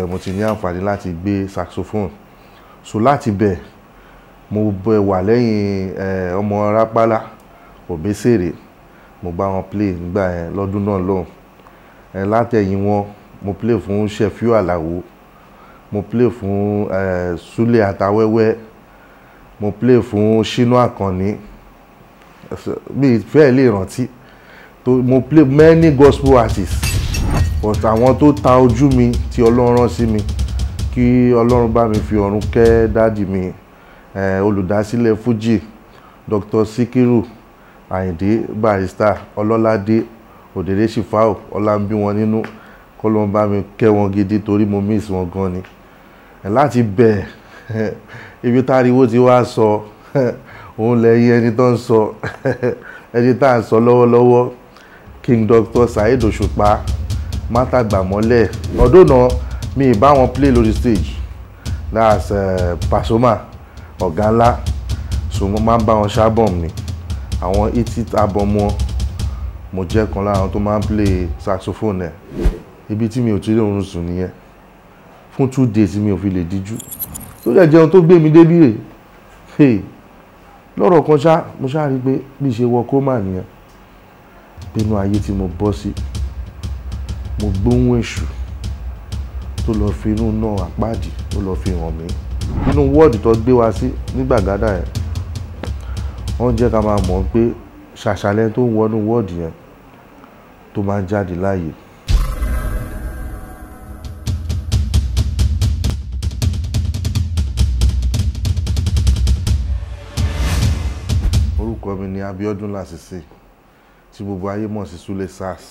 bẹ́ẹ̀ mo ti ní àǹfààní láti gbé saxophone so láti bẹ̀ mo bẹ wà lẹ́yìn ọmọ rápálá òbésèrè mo bá wọn play nígbà yẹn lọ́dún náà lọ́hùn látẹ̀yìn wọn mo play fún Sefiu Alao mo play fún Sule Atawẹ́wẹ́ mo play fún Shina Akanni mi fẹ́ẹ̀ lè rántí mo play many gospel artists but àwọn tó ta ojú mi tí ọlọ́run rán sí mi kí ọlọ́run bá mi fi ọ̀run kẹ́ dáàdì mi olùdásílẹ̀ Fuji Dr. Sikiru Àyìndé Barrister Ọlọ́ládé Òdèrè Shifao ọlá ń bí wọn nínú kọ́lọ́n bá mi kẹ́ wọn gidi torí mo miss wọn gan ni láti bẹ̀ ibi táriwo ti wá sọ òun lẹ́yìn ẹni tó ń sọ ẹni tá à ń sọ lọ́wọ́lọ́wọ́ King Dr. Saheed Òṣùpá mátàgbà mọ́lẹ̀ ọdún náà mi bá wọn play lórí stage that's uh, Pasuma ọ̀gá ńlá so mo máa ń bá wọn ṣábọ̀m ni àwọn eighty album wọn mo jẹ́ kan lára àwọn tó máa ń play saxophone ẹ̀ ibi tí mi ò ti rí oorun sùn nìyẹn fún two days mi ò fi lè díjú tó dẹ̀ jẹun tó gbé mi débí rè hey lọ́rọ̀ kan ṣá mo ṣáà rí i pé bí ṣe wọ kó mà nìyẹn pinnu ayé tí mo bọ́ sí. Si mo gbóhùn èṣù tó lọ fi inú náà àpáàdì tó lọ fi hàn mí nínú wọ́ọ̀dù tó gbé wa sí ní gbàgádà yẹn wọ́n jẹ́ ká máa mọ̀ pé ṣàṣàlẹ̀ tó ń wọnú wọ́ọ̀dù yẹn tó máa ń jáde láàyè. orúkọ mi ni Abíọ́dún Lásìsì tí gbogbo ayé mọ̀ sí Súlé SARS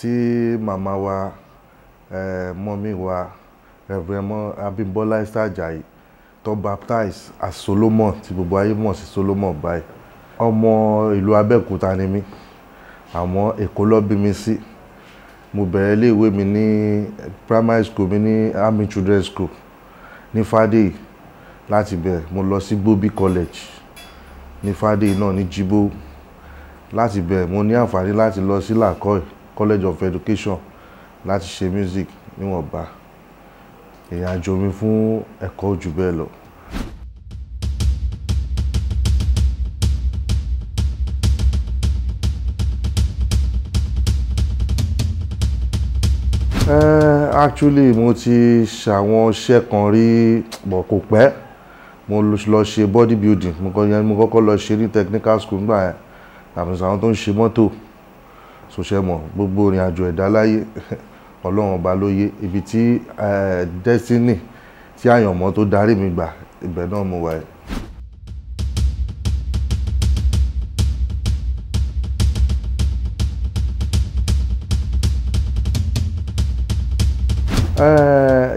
tí màmá wa mọ́mí wa rẹ̀fẹ̀rẹ̀mọ́ abimbola Esther Ajayi tó baptize as Solomon tí gbogbo ayé mọ̀ sí Solomon báyìí ọmọ ìlú Abẹ́òkúta ni mí àmọ́ Èkó ló bí mi sí mo bẹ̀rẹ̀ iléèwé mi ní primary school mi ní Army children School ní Fádèyí láti bẹ̀ mo lọ sí Gbobi College ní Fádèyí náà ní Jíbó láti bẹ̀ mo ní àǹfààní láti lọ sí Làkọ́ì college of education láti ṣe music níwọ̀nba ìrìn àjò mi fún ẹ̀kọ́ jù bẹ́ẹ̀ lọ. Uh, actually mo ti ṣàwọn iṣẹ́ kan rí bọ̀ kò pẹ́ mo lọ ṣe bodybuilding mo kọ́kọ́ lọ ṣe ní technical school nígbà yẹn àbùsàn àwọn tó ń ṣe mọ́tò sòṣẹ́ mọ̀ gbogbo ìrìn àjò ẹ̀dá láyé ọlọ́run ọba ló yé ibi tí destiny tí àyànmọ́ tó darí mi gbà ibẹ̀ náà mo wà ẹ́.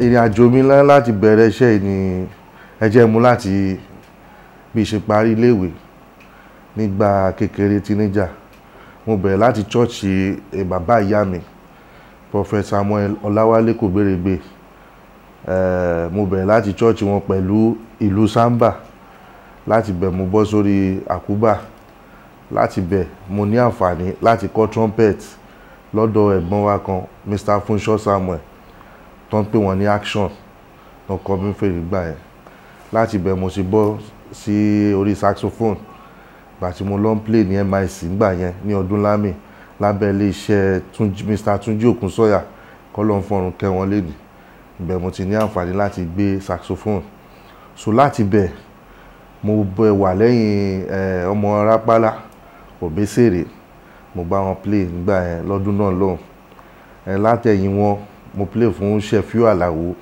ìrìn àjò mi láti bẹ̀rẹ̀ iṣẹ́ ni ẹ jẹ́ mú láti bí ṣe parí iléèwé nígbà kékeré tínéjà mo bẹ̀rẹ̀ láti chọ́ọ̀chì e, bàbá ìyá mi prophet samuel ọláwálé kògbèrègbè mo bẹ̀rẹ̀ láti chọ́ọ̀chì wọn pẹ̀lú ìlú samba láti bẹ̀ mo bọ́ sórí àkúbà láti bẹ̀ mo ní àǹfààní láti kọ́ trumpet lọ́dọ̀ ẹ̀gbọ́n wa kan mr funṣọ samuel tó ń pè wọ́n ní action lọ́kọ́ mi fèrè gbà yẹn láti bẹ̀ mo sì bọ́ sí orí saxophone ìgbà tí mo lọ play ní MIC ńgbà yẹn ní ọdún lámì lábẹ́ ilé iṣẹ́ Mr Túnjí Òkúnsọ́yà kọ́lọ́n fọ̀run kẹ́ wọn lédi ibẹ̀ mo ti ní àǹfààní láti gbé saxophone so láti bẹ̀ mo bẹ̀ wà lẹ́yìn eh, ọmọ rápálá òbésèrè mo bá wọn play nígbà yẹn lọ́dún náà lọ́hùn eh, látẹ̀yìn wọn mo play fún Sefiu Àlàó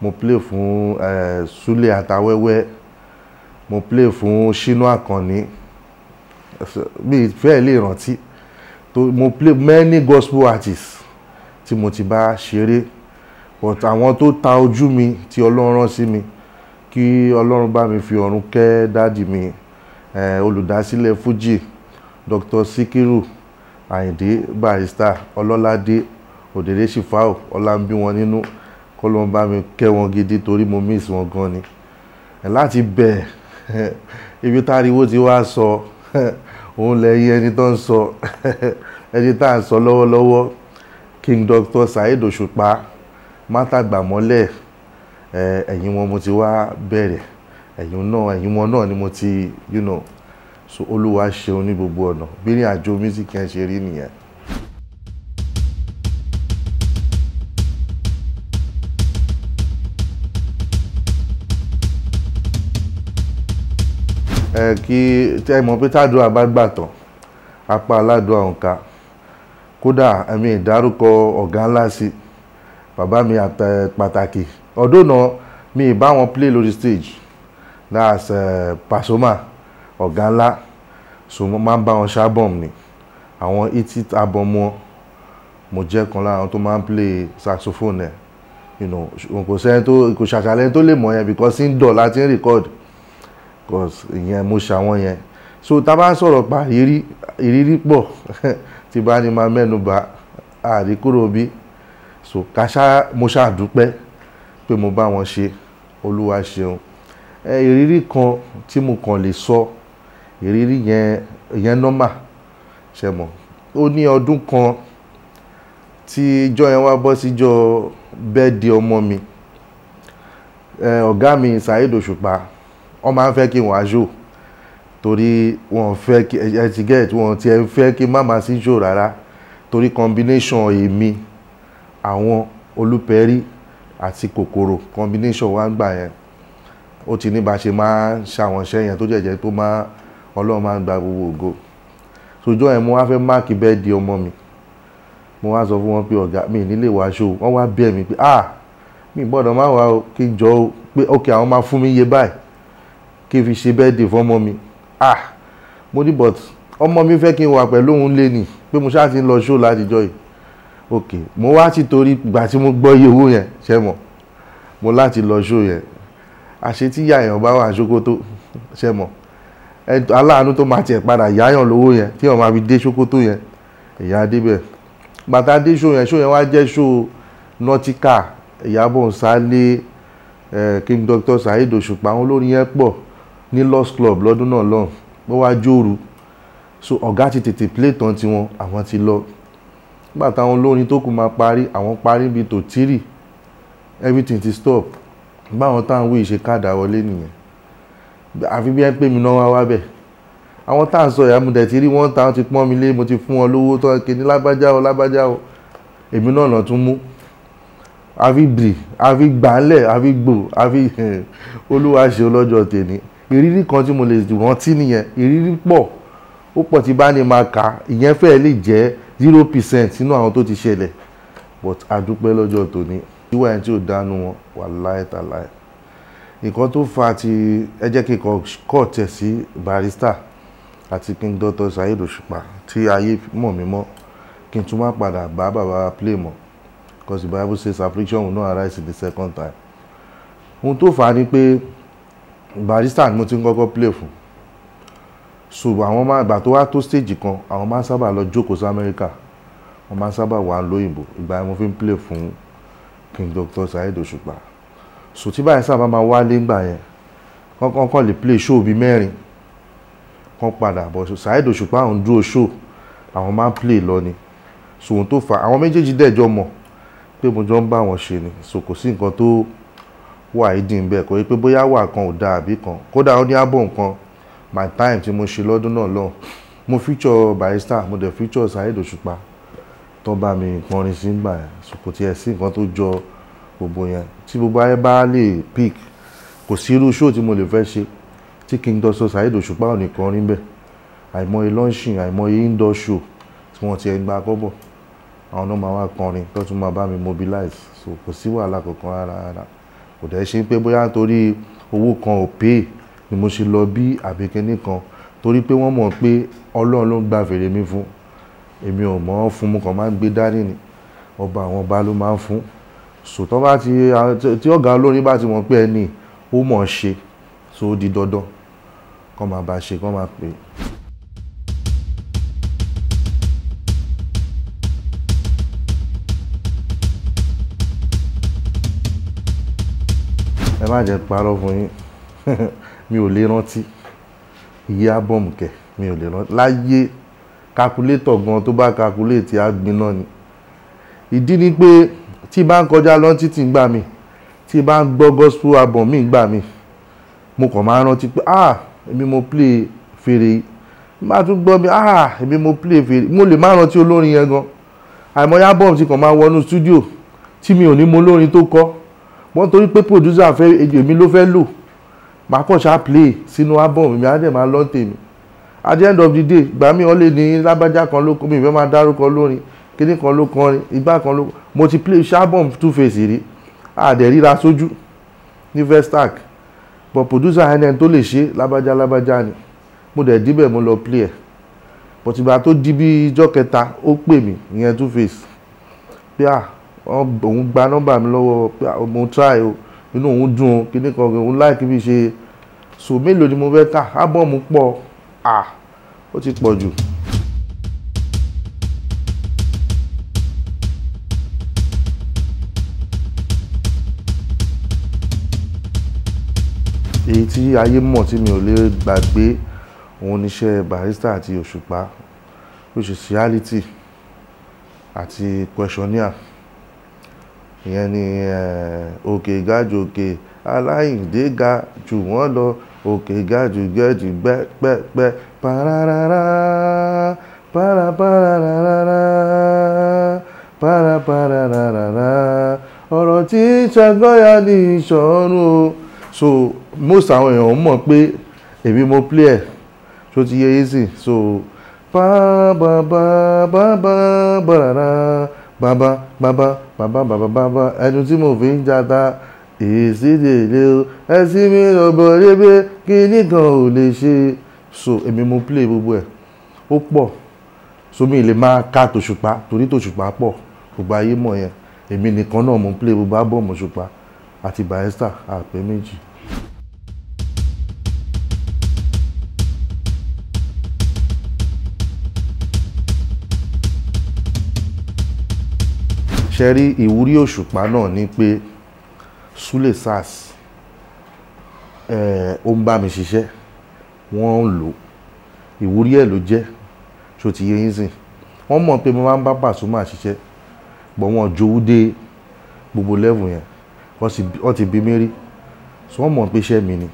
mo play fún eh, Sule Atawẹ́wẹ́ mo play fún Shina Akanni mi fẹ́ lè rántí mo play many gospel artists tí mo ti bá ṣeré but àwọn tó ta ojú mi tí ọlọ́run rán sí mi kí ọlọ́run bá mi fi ọ̀run kẹ́ dáàdì mi olùdásílẹ̀ Fuji Dr. Sikiru Ayinde Barrister Ọlọ́ládé Òdèrè Shifao ọlámbí wọn nínú kọ́lọ́n bá mi kẹ́ wọn gidi torí mo miss wọn gan ni láti bẹ̀ ibi táriwo ti wá sọ. So, òun lè yí ẹni tó ń sọ ẹni tá à ń sọ lọ́wọ́lọ́wọ́ King Doctor Saheed Òṣùpá mátàgbàmọ́lẹ̀ ẹ̀yìn wọn mo ti wá bẹ̀rẹ̀ ẹ̀yìn náà ẹ̀yìn wọn náà ni mo ti you know so olúwa ṣeun ní gbogbo ọ̀nà bí ní àjò music yẹn ṣe rí nìyẹn ẹ kí ẹ mọ̀ pé tádùá bá gbà tán apá aládùá òǹkà kódà ẹ̀mí ìdárúkọ ọ̀gá ńlá sí bàbá mi pàtàkì ọdún mi bá wọn play lórí stage that's uh, Pasuma ọ̀gá ńlá so mo máa ń bá wọn ṣáàbọ̀m ni àwọn itit album mo jẹ́ kan lára àwọn tó máa ń play saxophone ẹ̀ you know kò sẹ́ni tó kò ṣàṣàlẹ́ni tó lè mọ̀ yẹn because ń dọ̀ láti ń record cause ìyẹn mo ṣàwọn yẹn so tá a bá sọ̀rọ̀ pa ìrírí ìrírí pọ̀ tí bá ní máa mẹ́nu bá àríkúrò bí so kàṣá mo ṣàdúpẹ́ pé mo bá wọn ṣe olúwa ṣeun ìrírí kan tí mo kàn lè sọ ìrírí yẹn ìyẹn nọ́mà ṣe mọ̀ ó ní ọdún kan tí ìjọ yẹn wá bọ́ síjọ bẹ́ẹ̀ di ọmọ mi ọ̀gá mi Saheed Òṣùpá wọ́n máa ń fẹ́ kí wọ́n á jò torí wọ́n fẹ́ kí ẹ ti get wọ́n ti ẹ fẹ́ kí má máa sí jò rárá torí combination èmi àwọn olùpẹ̀rí àti kòkòrò combination wa ń gbà yẹn ó ti ní bá ṣe máa ń ṣàwọn yẹn tó jẹ̀jẹ̀ tó máa ọlọ́run máa ń gba gbogbo ògo sojọ́ yẹn mo wá fẹ́ máàkì bẹ́ẹ̀ di ọmọ mi mo wá sọ fún wọn pé ọ̀gá mi nílé wàá ṣó wọ́n wá bẹ̀ mí pé ah mi gbọ́dọ̀ má wá kí n jọ pé ok àwọn máa fún mi iye báyìí kí n fi ṣe bẹ́ẹ̀ fọ́mọ mi ah mo ní but ọmọ mi fẹ́ kí n wà pẹ̀lú òun lé nì pé mo ṣáà ti ń lọ ṣó látijọ́ yìí ok mo wá ti torí ìgbà tí mo gbọ́ iye owó yẹn ṣe mọ̀ mo láti lọ ṣó yẹn àṣetí yàyàn bá wà ṣókótó ṣe mọ̀ aláàánú tó máa tiẹ̀ padà yáyàn lówó yẹn tí wọ́n máa fi dé ṣókótó yẹn ìyá débẹ̀ bàtà dé ṣó yẹn ṣó yẹn wá jẹ́ ṣó Nautica Ìyábọ̀ Nsálé eh, King Dr Saheed Òṣùpá àwọn olórin yẹn pọ̀ ní lost club lọ́dún náà lọ́hùn ó wá jóoru so ọ̀gá ti tètè play tán tiwọn àwọn ti lọ nígbà táwọn olórin tó kù máa parí àwọn parí bíi tòtírì everything ti stop báwọn táwọn wíì ṣe káàdà wọlé nìyẹn àfi bí ẹ pé mi náà wá wá bẹ̀ àwọn tá à ń sọ ìyá mo dẹ̀ ti rí wọ́n táwọn ti pọ́n mi lé mo ti fún wọn lówó tó ń kéde lábájá o lábájá o èmi náà lọ tún mú àfi bìrì àfi gbàálẹ̀ àfi gbò àfi olúwa ṣe ọlọ́jọ́ tèmi ìrírí kan tí mo lè rántí nìyẹn ìrírí pọ̀ ó pọ̀ tí bá ní máa kà ìyẹn fẹ́ẹ́ lè jẹ́ zero percent nínú àwọn tó ti ṣẹlẹ̀ but àdúpẹ́ lọ́jọ́ tòní ìwà ẹni tí ò dánú wọn wà láì tà láì nǹkan tó fa ti ẹ jẹ́ kí n kọ́ tẹ̀ sí barrister àti King Dr. Saheed Òṣùpá tí ayé mọ̀ mí mọ́ kí n tún má padà bá bàbá play mọ́ because the Bible says affliction will not arise in the second time ohun tó fà á ni pé. Barista ni mo ti ń kọ́kọ́ play fún so àwọn máa ìgbà tó wá tó stage kan àwọn máa ń sábà lọ jókòó sí Amẹ́ríkà wọ́n máa sábà wà lóyìnbó ìgbà yẹn mo fi ń play fún King Dr. Saheed Òṣùpá so tí báyìí sábà máa wálé ńgbà yẹn kọ́kọ́ kọ́ lè play show bíi mẹ́rin kan padà bọ̀ Saheed Òṣùpá àwọn dúró show àwọn máa play lọ ni so ohun tó fà àwọn méjèèjì dẹ̀ mọ̀ pé mo jọ ń bá wọn ṣe ni so kò sí nǹkan tó wà ìdí nbẹ kò yẹ pé bóyá wà kan ò dáa àbí kan kódà ó ní ààbò nǹkan my time tí mo ṣe lọ́dún náà lọ mo feature barrister mo dẹ̀ feature Saheed Òṣùpá tó bá mi kọrin sí gbà kò tiẹ̀ sí nǹkan tó jọ gbogbo yẹn tí gbogbo ayé bá lè pick kò sí irú show tí mo lè fẹ́ ṣe tí King Dr Saheed Òṣùpá ò ní kọrin bẹ́ẹ̀ àìmọye launching àìmọye indoor tí wọ́n ti ẹ̀ gba kọ́bọ̀ àwọn náà máa kọrin tó tún máa bá mi mobilize kò sí wàhálà kankan rárá rárá kò dẹ̀ ṣe pé bóyá nítorí owó kan ò pé ni mo ṣe lọ bí àbí kinní kan torí pé wọ́n mọ̀ pé ọlọ́run ló ń gba fèrè mi fún èmi ò mọ̀ ọ́n fún mo kàn máa ń gbé dání ni ọba àwọn ọba ló máa ń fún sòtọ́ bá ti tí ọ̀gá olórin bá ti mọ̀ pé ẹni ó mọ̀ ṣe tó di dandan kọ́ máa bá ṣe kọ́ máa pè é. ẹ má jẹ́ parọ́ fún yín mi ò lè rántí iye ábọ̀mù kẹ̀ mi ò lè rántí láyé kakulétọ̀ gan tó bá kakuléètì àgbìn náà ni ìdí ni pé tí bá ń kọjá lọ títí gbà mí tí bá ń gbọ́ gospel album mi gbà mí mo kàn máa rántí pé ah èmi mo play fèrè yìí má tún gbọ́ mi ah èmi mo play fèrè mo lè má rántí olórin yẹn gan àìmọye album ti kàn máa wọnú studio tí mi ò ní mo lórin tó kọ́ wọ́n torí pé producer fẹ́ èmi ló fẹ́ lò màá kàn ṣáà play sínú album mi á dẹ̀ máa lọ́ tèmi at the end of the day ìgbà mi wọ́n lè ní lábájá kan ló kọ́ mi ìfẹ́ máa dárúkọ lórin kíní kan ló kọrin ìgbà kan ló mo ti play ṣáàbọ̀m two face rí àdẹ̀ríra sójú ní Vestac but producer ẹnẹ́n tó lè ṣe lábájá lábájá ni mo dẹ̀ díbẹ̀ mo lọ play ẹ̀ but ìgbà tó di bí ijọ́ kẹta ó pè mí ìyẹn two face pé ah òun gba nọ́mbà mi lọ́wọ́ mo try o inú òun dùn o kíní kan òun láìkí bí ṣe so mélòó ni mo fẹ́ kà ábọ̀mù pọ̀ à ó ti pọ̀ jù. èyí tí ayé mọ̀ tí mi ò lè gbàgbé òun níṣẹ́ barista àti òṣùpá which is reality àti questionnaire ìyẹn ni òkè ga jù òkè aláìdé ga jù wọ́n lọ òkè ga jù gẹ́jù gbẹ́pẹ́pẹ́ pararara parapararara parapararara ọ̀rọ̀ tí ṣàgọ́yà ní ìṣọ̀run o so most àwọn èèyàn mọ̀ pé èmi mo play ẹ̀ tó ti yé yé sí so pa ba ba ba ba ba ra ra baba, baba, baba, baba. bàbá ẹnu tí mo fi ń jata ìsídèlé o ẹsí mi lọ́bọ̀ rébé kí nìkan ò lè ṣe so èmi mo play gbogbo ẹ̀ ó pọ̀ sómi ìlè máa ká tòṣùpá torí tòṣùpá pọ̀ gbogbo ayé mọ̀ yẹn èmi nìkan náà mo play gbogbo ábọ̀mù òṣùpá àti barrister àpè méjì. ṣe rí ìwúrí òṣùpá náà ni pé Sule SARS ó ń bá mi ṣiṣẹ́ wọ́n ń lò ìwúrí ẹ̀ ló jẹ́ ṣó ti yé yín sìn wọ́n mọ̀ pé mo máa ń bá Pasuma ṣiṣẹ́ gbọ́ wọn jowú dé gbogbo lẹ́vù yẹn wọ́n ti bí mi rí so wọ́n mọ̀ pé iṣẹ́ mi ni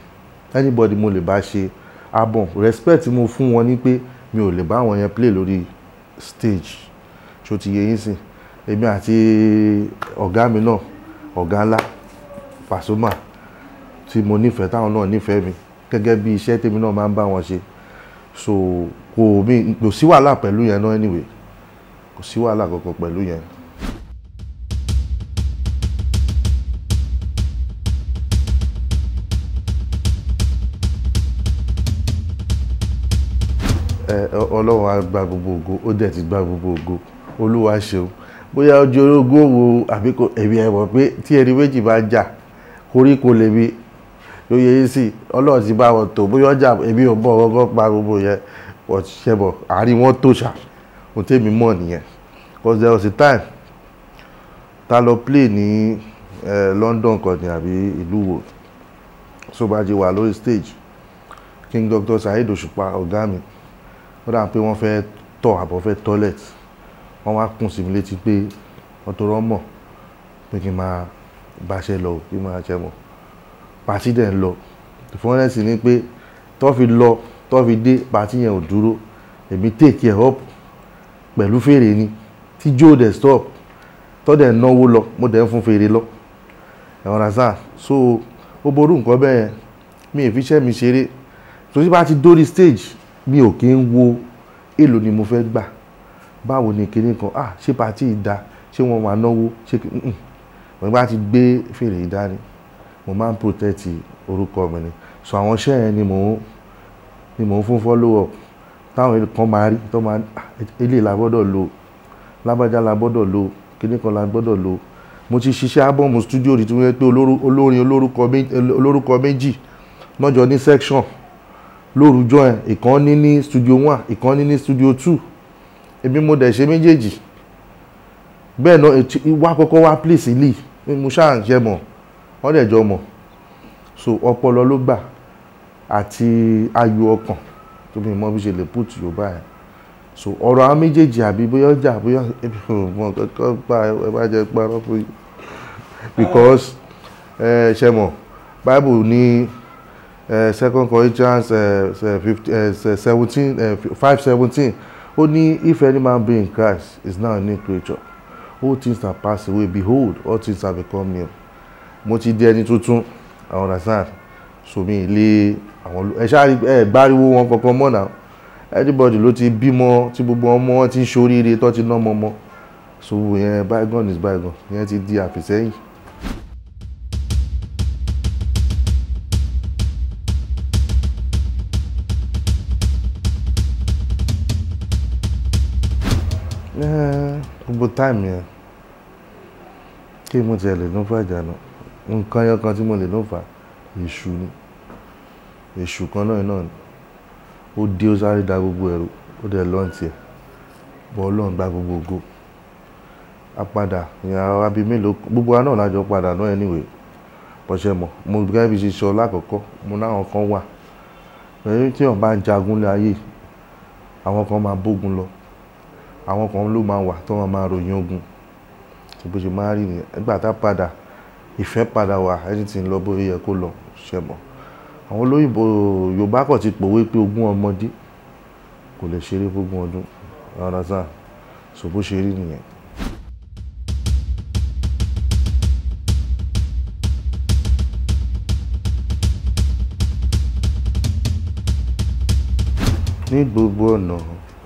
anybody mo lè bá ṣe abọ̀n respect mo fún wọn ni pé mi ò lè bá wọn yẹn play lórí stage ṣó ti yé sìn èmi àti ọ̀gá mi náà ọ̀gá ńlá Pasuma tí mo nífẹ̀ẹ́ táwọn náà nífẹ̀ẹ́ mi gẹ́gẹ́ bí iṣẹ́ tèmi náà máa ń bá wọn ṣe so kò mí kò sí wàhálà pẹ̀lú yẹn náà anyway kò sí wàhálà kankan pẹ̀lú yẹn. ọlọ́run á gba gbogbo ògo ó dẹ̀ ti gba gbogbo ògo olúwa ṣeun bóyá ojú orógún òwò àbí kò èmi ẹ̀ mọ̀ pé tí ẹni méjì bá ń jà koríko lèmi ló yẹ yín sí ọlọ́run ti bá wọn tó bóyá ọjà èmi ò mọ̀ wọn gan pa gbogbo yẹn wọ́n ti ṣe bọ̀ àárín wọn tó ṣà kò tẹ́mi mọ̀ nìyẹn because there was a time ta lọ play ní London kan ní àbí ìlú wo so bá jẹ wà lórí stage King Doctor Saheed Òṣùpá ọ̀gá mi ó dà pé wọ́n fẹ́ tọ̀ àbọ̀ fẹ́ toilet wọ́n wá kùn sí mi létí pé wọ́n tó rán mọ̀ pé kí n máa báṣẹ́ lọ kí n máa ṣe mọ̀ pàtí dẹ̀ ń lọ ìfọwọ́nẹ́sì ni pé tó fi lọ tó fi dé pàtí yẹn ò dúró èmi take ẹ̀ up pẹ̀lú fèrè ni tí joe dẹ̀ stop tó dẹ̀ náwó lọ mo dẹ̀ ń fún fèrè lọ ẹ̀wọ̀n rasa so ó ború nǹkan bẹ́ẹ̀ mi ì fi iṣẹ́ mi ṣeré tó ti dórí stage mi ò kí ń wo èlò ni mo fẹ́ gbà báwo ni kinní kan ah ṣé patí da ṣé wọ́n máa náwó ṣé mo bá ti gbé fèrè ìdání mo máa ń protect orúkọ mi ni so àwọn iṣẹ́ yẹn ni mò ń ni mò ń fún follow up táwọn kan máa rí tó máa ilé ah, la gbọ́dọ̀ lò lágbájá la gbọ́dọ̀ lò kinní kan la gbọ́dọ̀ lò mo ti ṣiṣẹ́ ábọ̀mù studio rí tí wọ́n yẹ pé olórin olórúkọ méjì lọ́jọ́ ní section lórúkọ yẹn ìkan ní ní studio one ìkan ní ní studio two èmi mo dẹ̀ ṣe méjèèjì bẹ́ẹ̀ náà ètò ìwà kọ́kọ́ wá place ilé mo ṣáà ń jẹ mọ̀ wọ́n dẹ̀ jọ mọ̀ so ọpọlọ ló gbà àti ayọ̀ ọkàn tó mi mọ bí ṣe lè put yorùbá yẹn so ọ̀rọ̀ àwọn méjèèjì àbí bóyá ọjà bóyá ẹbí ò mọ kankan gba ẹ bá jẹ parọ́ fún yìí because ẹ ṣe mọ̀ bible ní second corinthians seventeen five seventeen ó ní if any man be in Christ is now a new creature all things are passed away behold all things are become new mo ti di ẹni tuntun i understand so mi ilé àwọn ẹ ṣáà ẹ gbáriwo wọn kankan mọ́ náà everybody ló ti bímọ tí gbogbo ọmọ wọn ti ń ṣoríire tó ti ná ọmọ ọmọ so yẹn bygone is bygone yẹn ti di àfìsẹ́yìn gbogbo táìmù yẹn kí mo tiẹ̀ lè ló fà ìjà náà nǹkan yẹn kan tí mo lè ló fà èṣù ni èṣù kan náà náà ni ó dé ó sáré da gbogbo ẹ̀rù ó dẹ̀ lọ́n tiẹ̀ bọ́ ọlọ́run gba gbogbo ògo apadà ìyá wa mélòó gbogbo wa náà lájọ padà náà anyway bọ́sẹ̀ mọ̀ mo gẹ́gẹ́ bí ṣe sọ lákọ̀ọ́kọ́ mo náwọn kan wà ẹ̀yìn tí wọ́n bá ń jagun lé àwọn kan máa bógun lọ àwọn kan ló máa wà tó máa máa ròyìn ogun tó bó ṣe máa rí nìyẹn nígbà tá padà ìfẹ́ padà wà everything lọ bó yẹ kó lọ ṣe mọ́ àwọn olóyìnbó Yorùbá kò ti pòwe pé ogún ọmọdé kò lè ṣeré fógún ọdún rárá sáà so bó ṣe rí nìyẹn. ní gbogbo ọ̀nà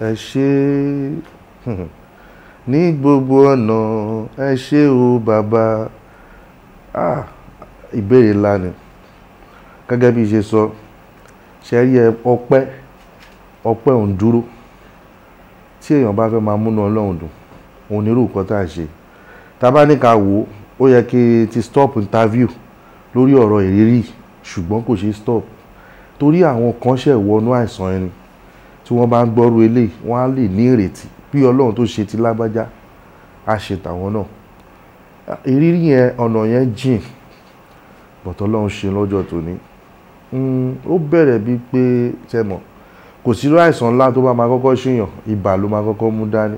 ẹ ṣe é ní gbogbo ọ̀nà ẹ ṣé o bàbá ah ìbéèrè ńlá ni gẹ́gẹ́ bí ṣe sọ ṣe rí ọpẹ́ ọpẹ́ òun dúró tí èèyàn bá fẹ́ máa múnú ọlọ́run dùn òun nírú nǹkan tá à ṣe tá a bá ní ká wò ó yẹ kí ti stop interview lórí ọ̀rọ̀ ìrírí ṣùgbọ́n kò ṣe stop torí àwọn kan ṣẹ̀ wọnú àìsàn ẹni tí wọ́n bá ń gbọ́rú eléyìí wọ́n á lè ní ìrètí bí ọlọ́run tó ṣe ti lágbájá á ṣe tàwọn náà ìrírí yẹn ọ̀nà yẹn jìn bọ̀tọ̀ ọlọ́run ṣe lọ́jọ́ tòní hmm, ó bẹ̀rẹ̀ bíi pé tẹ̀mọ̀ kò sí irú àìsàn ńlá tó bá máa kọ́kọ́ ṣèyàn ibà ló máa kọ́kọ́ mú dání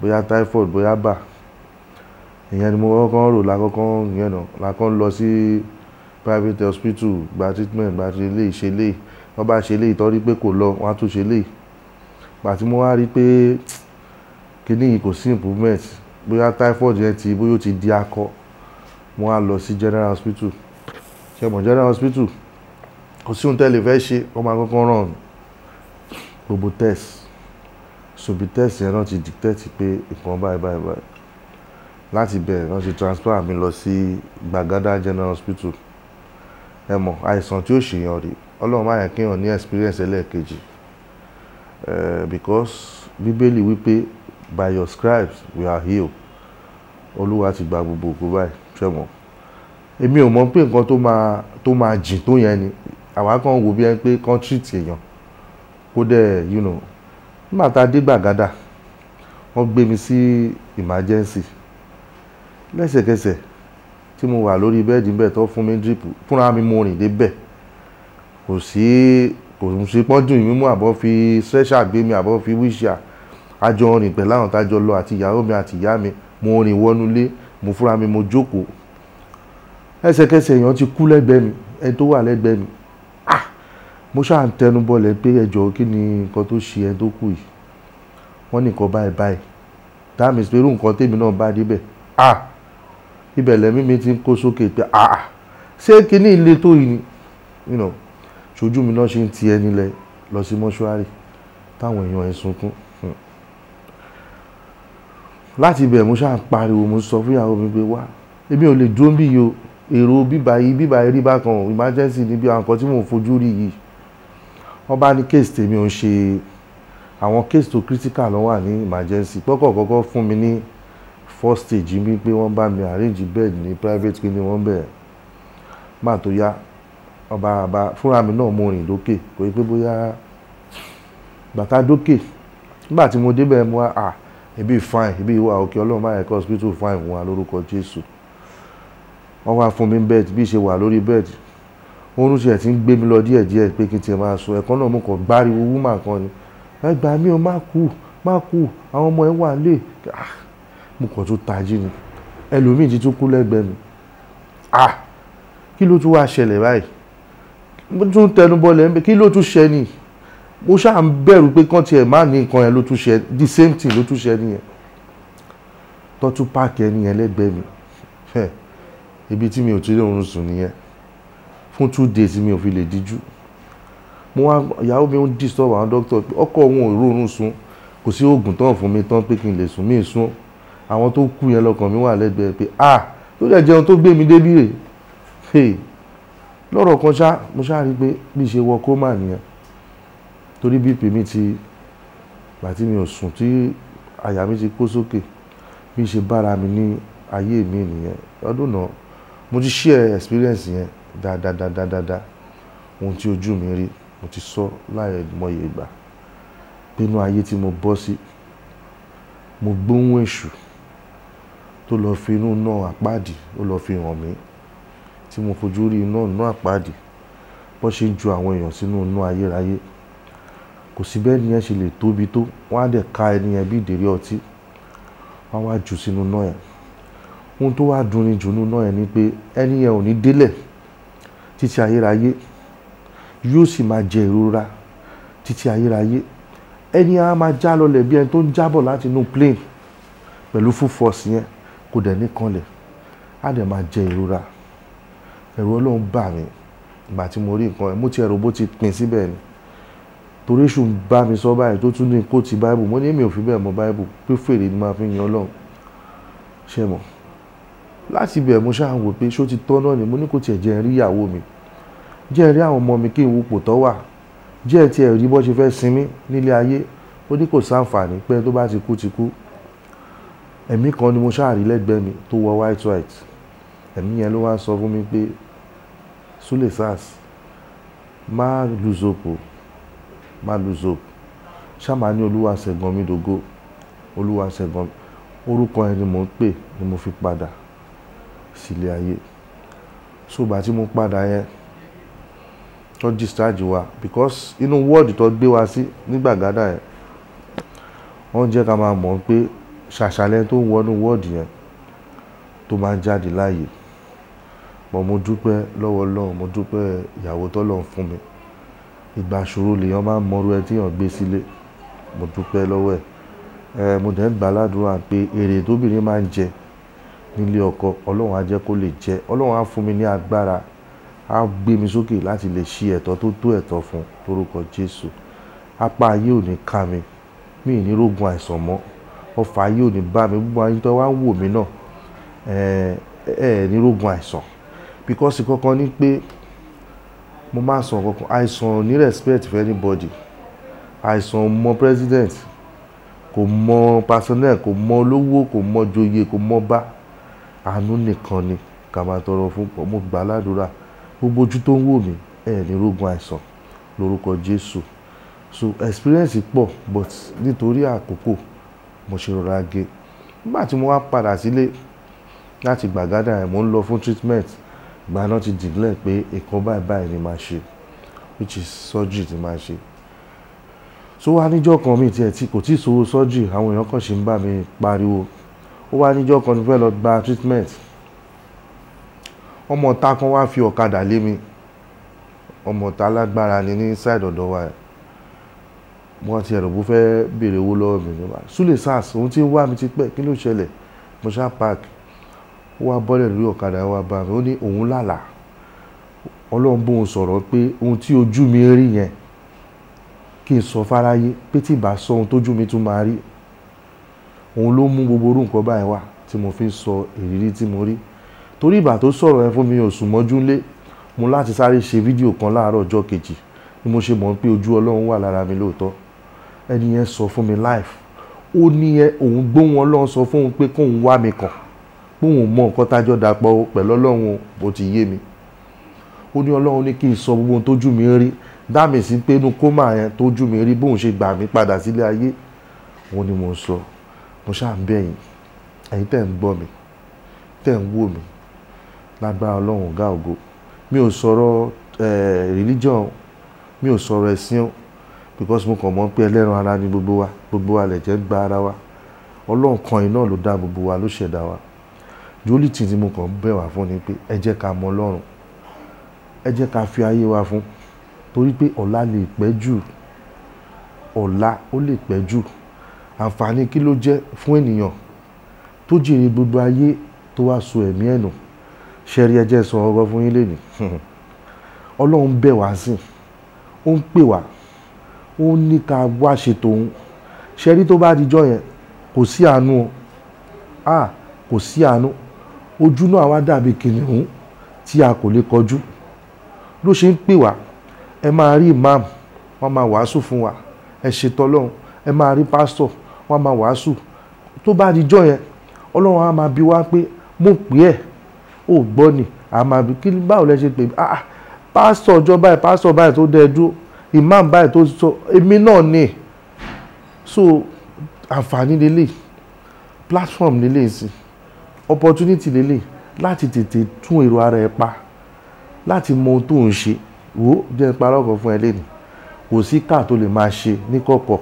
bóyá typhoid bóyá bà ìyẹn ni mo kọ́kọ́ rò lákọ́kọ́ ìyẹn náà lákọ́ lọ sí private hospital gba treatment gba ṣe léyìí ṣe léyìí wọ́n bá ṣe léyìí torí pé kò lọ wọ́n á tún ṣe léyìí pàtí mo wá rí pé kíní yìí kò sí improvement bóyá typhoid yẹn ti bóyá ó ti di akọ mo wá lọ sí general hospital ṣẹ̀mọ̀ general hospital kò sí ohun tẹ́lẹ̀ fẹ́ ṣe wọ́n máa kọ́kọ́ ràn gbogbo test sobi test yẹn náà ti dictate pé nǹkan báyìí báyìí báyìí láti bẹ̀rẹ̀ náà ti transfer mi lọ sí Gbàgádà general hospital ẹ mọ̀ àìsàn tí ó ṣèyàn rí ọlọ́run máa yẹ kéèyàn ní experience ẹlẹ́ẹ̀kejì uh, because bíbélì wípé by your scribes we are healed olúwa ti gba gbogbo òkú báyìí ṣẹ́mọ̀ èmi ò mọ̀ pé nǹkan tó máa tó máa jìn tó yẹn ni àwa kan wò bí ẹni pé kan treat èèyàn kó dẹ̀ you know nígbà tá a dé gbàgádà wọ́n gbé mi sí emergency lẹ́sẹ̀kẹsẹ̀ tí mo wà lórí bẹ́ẹ̀dì bẹ́ẹ̀ tó fún mi drip fúnra mi mo rìn débẹ̀ kò sí kò ń ṣe pọ́njú mímú àbọ̀ fi ṣẹ́ṣà gbé mi àbọ̀ fi wíṣà àjọ rìn pẹ̀lú àwọn tájọ lọ àti ìyàwó mi àti ìyá mi mo rìn wọnúlé mo fúnra mi mo jókòó ẹsẹ̀kẹsẹ̀ èèyàn ti kú lẹ́gbẹ̀ẹ́ mi ẹni tó wà lẹ́gbẹ̀ẹ́ mi ah mo ṣáà ń tẹnu bọlẹ̀ pé ẹjọ́ kí ni nǹkan tó ṣe ẹni tó kù yìí wọ́n ní nǹkan báyìí báyìí that pé irú nǹkan tèmi náà bá débẹ̀ ah ibẹ̀ lẹ́mí mi ti ń kó sókè pé ah, ah! ṣé kíní ilé tó yìí ni you know ṣojú mi náà ṣe ń ti ẹni lẹ lọ sí mọ́ṣúárì táwọn èèyàn ẹ̀ sunkún hmm. láti ibẹ̀ mo ṣáà ń pariwo mo sọ fún ìyàwó mi pé wá èmi ò lè dúró bí yo èrò bíbá yìí bíbá yìí rí bákan emergency níbi àwọn nǹkan tí mò ń fojú rí yìí wọ́n bá ní case tèmi ò ń ṣe àwọn case tó critical ló wà ní emergency pọ́kọ̀ kọ́kọ́ fún mi ní first stage mi pé wọ́n bá mi arrange bed ní private clinic wọ́n bẹ̀rẹ̀ má tó yá ọba àbá fúnra mi náà mo rìn lókè kò yí pé bóyá bàtà dókè nígbà tí mo débẹ̀ mo wá à ibi fine ibi ìwà òkè ọlọ́run máa ẹ̀kọ́ hospital fine wọn lórúkọ jésù wọ́n wá fún mi bẹ́ẹ̀dì bí ṣe wà lórí bẹ́ẹ̀dì oorun ṣe ti ń gbé mi lọ díẹ̀ díẹ̀ pé kí n tiẹ̀ máa sùn ẹ̀kọ́ náà mo kàn gbáriwo wúmà kan ni ẹ gbà mí o má kú má kú àwọn ọmọ ẹ wà lé ah, mo kàn tún tají ni ẹlòmíì ti tún kú lẹ́gbẹ̀ẹ́ mi ah, kí ló tún wá ṣẹlẹ̀ báyìí mo tún tẹnubọlẹ̀ ń bẹ kí ló tún ṣe ni mo ṣáà ń bẹ̀rù pé kán tiẹ̀ má ní nǹkan yẹn ló tún ṣe the same thing ló tún ṣe nìyẹn tó tún páàkì ẹni yẹn lẹ́gbẹ̀ẹ́ mi ibi tí mi ò ti rí oorun sùn nìyẹn fún two days mi ò fi lè díjú mo wá ìyàwó mi ń disturb àwọn doctor pé ọkọ òun ò rórun sùn kò sí oògùn tán fún mi tán pé kí n lè sùn mí sùn àwọn tó kú yẹn lọ́kàn mi wà lẹ́gbẹ̀ẹ́ pé ah ló dẹ̀ jẹun tó gbé mi débí rè lọ́rọ̀ kan ṣá mo ṣáà rí pé bí ṣe wọ kómà nìyẹn torí bp mi ti gbà tí mi ò sùn tí àyà mi ti kó sókè bí ṣe bára mi ní ayé mi nìyẹn ọdún náà mo ti share experience yẹn dáadáadáadáa ohun tí ojú mi rí mo ti sọ láì mọye ìgbà pinnu ayé tí mo bọ́ sí mo gbóhùn èṣù tó lọ́ọ́ fi inú náà àpáàdì ó lọ́ọ́ fi hàn mí tí mo fojú rí iná inú àpáàdì bó ṣe ń ju àwọn èèyàn sínú inú ayérayé kò sí bẹ́ẹ̀ ni ẹ ṣe lè tóbi tó wọ́n á dẹ̀ ka ẹni yẹn bí ìdérí ọtí wọ́n á wá jù sínú iná yẹn ohun tó wá dunni jù nínú iná yẹn ni pé ẹni yẹn ò ní délẹ̀ títí ayérayé yóò sì máa jẹ ìrora títí ayérayé ẹni á máa já lọlẹ̀ bí ẹni tó ń jábọ̀ láti inú plane pẹ̀lú full force yẹn kò dẹ̀ ní kanlẹ̀ á dẹ̀ máa jẹ ìrora ẹ̀rù ọlọ́run bà mí ìgbà tí mo rí nǹkan ẹ̀ mo ti ẹ̀rù bó ti pin síbẹ̀ ni torí èṣù ń bá mi sọ báyìí tó tún ní kó ti báìbù mo ní èmi ò fi bẹ́ẹ̀ mọ báìbù pé fèrè ni máa fi yan ọlọ́run ṣe mọ̀ láti ibẹ̀ mo ṣáà ń wò pé ṣó ti tọ́ náà ni mo ní kò tiẹ̀ jẹ́ rí ìyàwó mi jẹ́ rí àwọn ọmọ mi kí n wo pò tọ́ wà jẹ́ ti ẹ̀ rí bọ́ ṣe fẹ́ sinmi nílé ayé ó ní kò sáǹfààní pé tó bá ti kú ti kú ẹ̀mí kan ni mo ṣáà rí lẹ́gbẹ̀ẹ́ mi tó wọ white white ẹ̀mí yẹn ló wá sọ fún mi pé sous les sas má lu zopo má lu zopo ṣáàmà ní olúwa ṣẹ̀gàn mi dògo olúwa ṣẹ̀gàn mi orúkọ ẹ ni mò ń pè ni mo fi padà sílé ayé ṣùgbọ́n tí mo padà yẹn tó discharge wa because inú word tó be wa sí ní bagada yẹn wọ́n jẹ́ ká máa mọ̀ pé ṣàṣàlẹ̀ tó wọnú wọ́ọ̀dù yẹn tó máa ń jáde pọ̀ mo dúpẹ́ lọ́wọ́ Ọlọ́run mo dúpẹ́ ìyàwó tọ́lọ́run fún mi ìgbà ṣòro lèèyàn máa ń mọrú ẹ tíyàn gbé sílé mo dúpẹ́ lọ́wọ́ ẹ̀ ẹ mo dẹ̀ ń gbà ládùúrà pé èrè tóbìnrin máa ń jẹ nílé ọkọ Ọlọ́run á jẹ́ kó lè jẹ Ọlọ́run á fún mi ní agbára á gbé mi sókè láti lè ṣí ẹ̀tọ́ tó tó ẹ̀tọ́ fún lórúkọ Jésù apá ayé ò ní ká mi mi ì ní rógun àìsàn mọ́ ọfà ayé ò ní bá mi gbogbo ayé tó wá wò mí náà ẹ ẹ ní rógun àìsàn because kankan ni pé mo máa sàn kankan àìsàn ní respect for anybody àìsàn mọ president kò mọ personnel kò mọ olówó kò mọ joyè kò mọ bá àánú nìkan ni ká máa tọrọ fún pọ mo gbà ládùúrà gbogbo ojú tó ń wò mí ẹ ní rógun àìsàn lórúkọ Jésù so experience pọ̀ but nítorí àkókò mo ṣe rọra gé nígbà tí mo wá padà sílé láti gbàgádà ẹ̀ mo ń lọ fún treatment gbaná ti declare pé nǹkan báyìí báyìí ni máa ṣe which is surgery ti máa ṣe so wá níjọ́ kan mi tiẹ̀ tí kò tí ì sowó surgery àwọn èèyàn kan ṣì ń bá mi pariwo ó wá níjọ́ kan ní fẹ́ lọ gba treatment ọmọ ọ̀tá kan wá fi ọ̀kadà lé mi ọmọ ọ̀tá alágbára ni ní side ọ̀dọ̀ wa yẹn wọ́n ti ẹ̀rọ bó fẹ́ béèrè owó lọ́wọ́ mi nígbà súlẹ̀ sars òun ti ń wá mi ti pẹ́ kí ló ṣẹlẹ̀ mo ṣá park ó wá bọ́lẹ̀ lórí ọ̀kadà wá bá mi ó ní òun lálàá ọlọ́run bóun sọ̀rọ̀ pé ohun tí ojú mi rí yẹn kí n sọ fáráyé pé tí bá sọ ohun tójú mi tún máa rí òun ló mú gbogbo orú nǹkan báyìí wá tí mo fi ń sọ ìrírí tí mo rí torí ìgbà tó sọ̀rọ̀ yẹn fún mi ò mọ́jú lé mo láti sáré ṣe fídíò kan láàárọ̀ ọjọ́ kejì ni mo ṣe mọ̀ pé ojú ọlọ́run wà lára mi lóòótọ́ ẹni yẹn sọ fún mi live ó ní ẹ òun gbóhùn ọlọ́run sọ fún òun pé kóun wá mi kàn póun mọ nǹkan tájọ́ dàpọ̀ pẹ̀lú ọlọ́run bó ti yé mi ó ní ọlọ́run ní kí n sọ gbogbo ohun tójú mi rí dáàmì sí pé inú kó máa yẹn tójú mi rí bóun ṣe gbà mí padà sílé ayé òun ni mo sọ mo ṣáà ń bẹ̀ yín ẹ̀yin tẹ̀ ń gbọ́ mi tẹ̀ ń wò mí lágbára ọlọ́run ọ̀gá ògo mi ò sọ̀rọ̀ religion mi ò sọ̀rọ̀ ẹ̀sìn o because mo kàn mọ̀ pé ẹlẹ́ran ara ni gbogbo wa gbogbo wa lẹ̀jẹ̀ ń gba ara wa ọlọ́run kan iná ló dá gbogbo wa ló ṣẹ̀dá wa jólì tí tí mo kàn bẹ̀ wá fún ni pé ẹ jẹ́ ká mọ Ọlọ́run ẹ jẹ́ ká fi ayé wa fún torí pé ọ̀la lè pẹ́ jù ọ̀la ó lè pẹ́ jù àǹfààní kí ló jẹ́ fún ènìyàn tó jèrè gbogbo ayé tó wá so ẹ̀mí ẹ̀ nù ṣẹ́rí ẹjẹ́ sọ ọgbọ́ fún yín lẹ́nu ọlọ́run bẹ̀ wá sí ó ń pè wá ó ní ká wá ṣe tòun ṣẹ́rí tó bá dijọ́ yẹn kò sí àánú ah kò sí àánú ojú náà wá dàbí kìnìún tí a kò lè kọjú ló ṣe ń pè wá ẹ máa rí imam wọ́n máa wàásù fún wa ẹ ṣètò ọlọ́run ẹ máa rí pásítọ̀ wọ́n máa wàásù tó bá di jọ́ yẹn ọlọ́run á máa bi wá pé mo pè ẹ́ ò gbọ́ ni a máa bi kí báwo lẹ ṣe pè mí ah, ah pásítọ̀ ọjọ́ báyìí pásítọ̀ báyìí tó dẹ dúró imam báyìí tó sọ èmi náà ni so àǹfààní lélẹ̀ platform lélẹ̀ sí i opportunity lélẹ̀ láti tètè tún èrò ara ẹ pa láti mọ ohun tó ń ṣe wò ó jẹ́ parọ́ kan fún ẹ lẹ́nu kò sí ká tó lè máa ṣe níkọ̀kọ̀